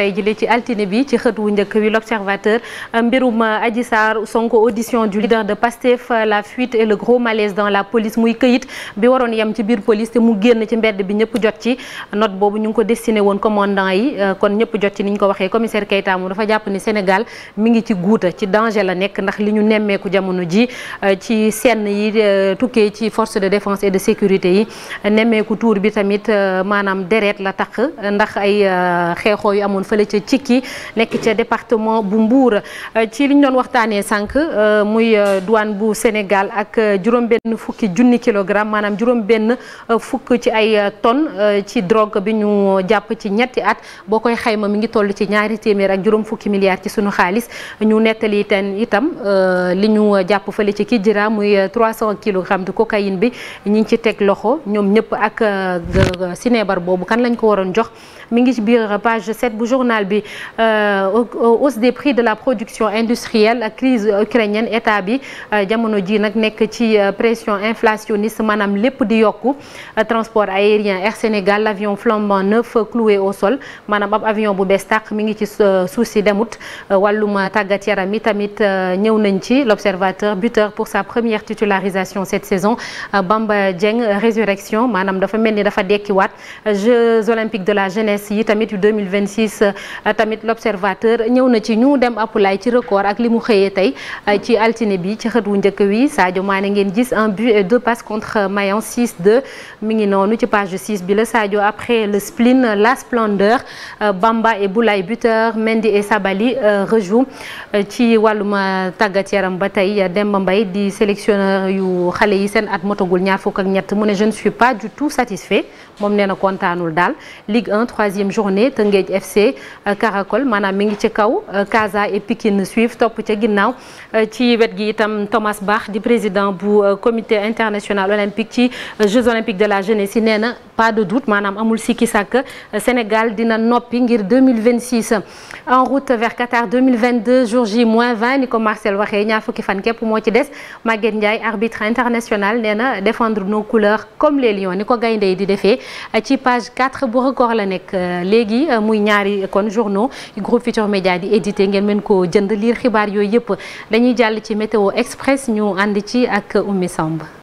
tey ci altiné bi ci xëtu wu wi l'observateur mbirum Adji son Sonko audition du leader de Pastef la fuite et le gros malaise dans la police muy këyit bi waroon yam ci bir police te mu génn ci mbedd bi ñëpp jot ci note bobu ñu ko destiné won commandant yi euh, kon ñëpp jot ci niñ ko waxé commissaire Keita dafa japp ni Sénégal mingi ngi ci guuta ci danger la nek ndax li ñu ku jamono ji euh, ci sen yi euh, ci force de défense et de sécurité yi ku tour bi tamit manam deret la tak ndax ay xeexoo yu fële ca Cikki nekk ca département bu Mbour euh, ci li doon waxtaanee sànq euh, muy euh, douane bu Sénégal ak juróom-benn fukki junni kilogramme maanaam juróom-benn fukk ci ay tonnes ci drogue bi ñu jàpp ci ñetti at boo koy xayma mi ngi toll ci ñaari téeméer ak juróom fukki milliards ci suñu xaalis ñu nettali ten itam li ñu jàpp fële ci Kidira muy 300 kilogrammes de cocaïne bi ñi ngi ci teg loxo ñoom ñëpp ak sineebar boobu kan lañ ko waroon jox mi ngi ci page 7 bu journal bi euh, hausse des prix de la production industrielle la crise ukrainienne état bi euh, jamono ji ci euh, pression inflationniste Madame lepp di transport aérien Air Sénégal l'avion flambant neuf cloué au sol Madame ab avion bu bees mi ngi ci souci l'observateur buteur pour sa première titularisation cette saison Bamba djeng résurrection Madame dafa melni Jeux olympiques de la jeunesse yi tamit 2026 euh, tamit l'observateur ñëw na ci ñu dem apulay ci record ak limu xeyé tay euh, ci altiné bi ci xëtu wu wi Sadio Mané ngeen gis un but et deux passes contre Mayence 6-2 mi ngi noonu ci page 6 bi le Sadio après le spleen la splendeur euh, Bamba et boulay buteur Mendy et Sabali rejou ci waluma tàggat yaram ba tey Demba Mbaye di sélectionneur yu xalé yi sen at motogul ñaar fukk ak ñett mu ne je ne suis pas du tout satisfait mom néna na dal Ligue 1 3e journée Teungueth FC euh, Caracol Mme mi ngi ci kaw euh, et Pikine suivent Top ci now. Euh, ci wet gi Thomas Bach di président du comité international olympique ci Jeux olympiques de la jeunesse pas de doute Mme amul Kisak, Sénégal dina Noppingir ngir 2026 en route vers Qatar 2022 jour J 20 ni Marcel Waché, ñaar fukki fan kep mo ci des arbitre international défendre nos couleurs comme les lions ni ko gaynde di ci page 4 bu record la nek légui muy ñaari et kon journaux groupe Futur Médias di édité ngeen men ko jënd liir xibaar yooyu dañuy le ci météo express ñu ànd ci ak Oumy Samb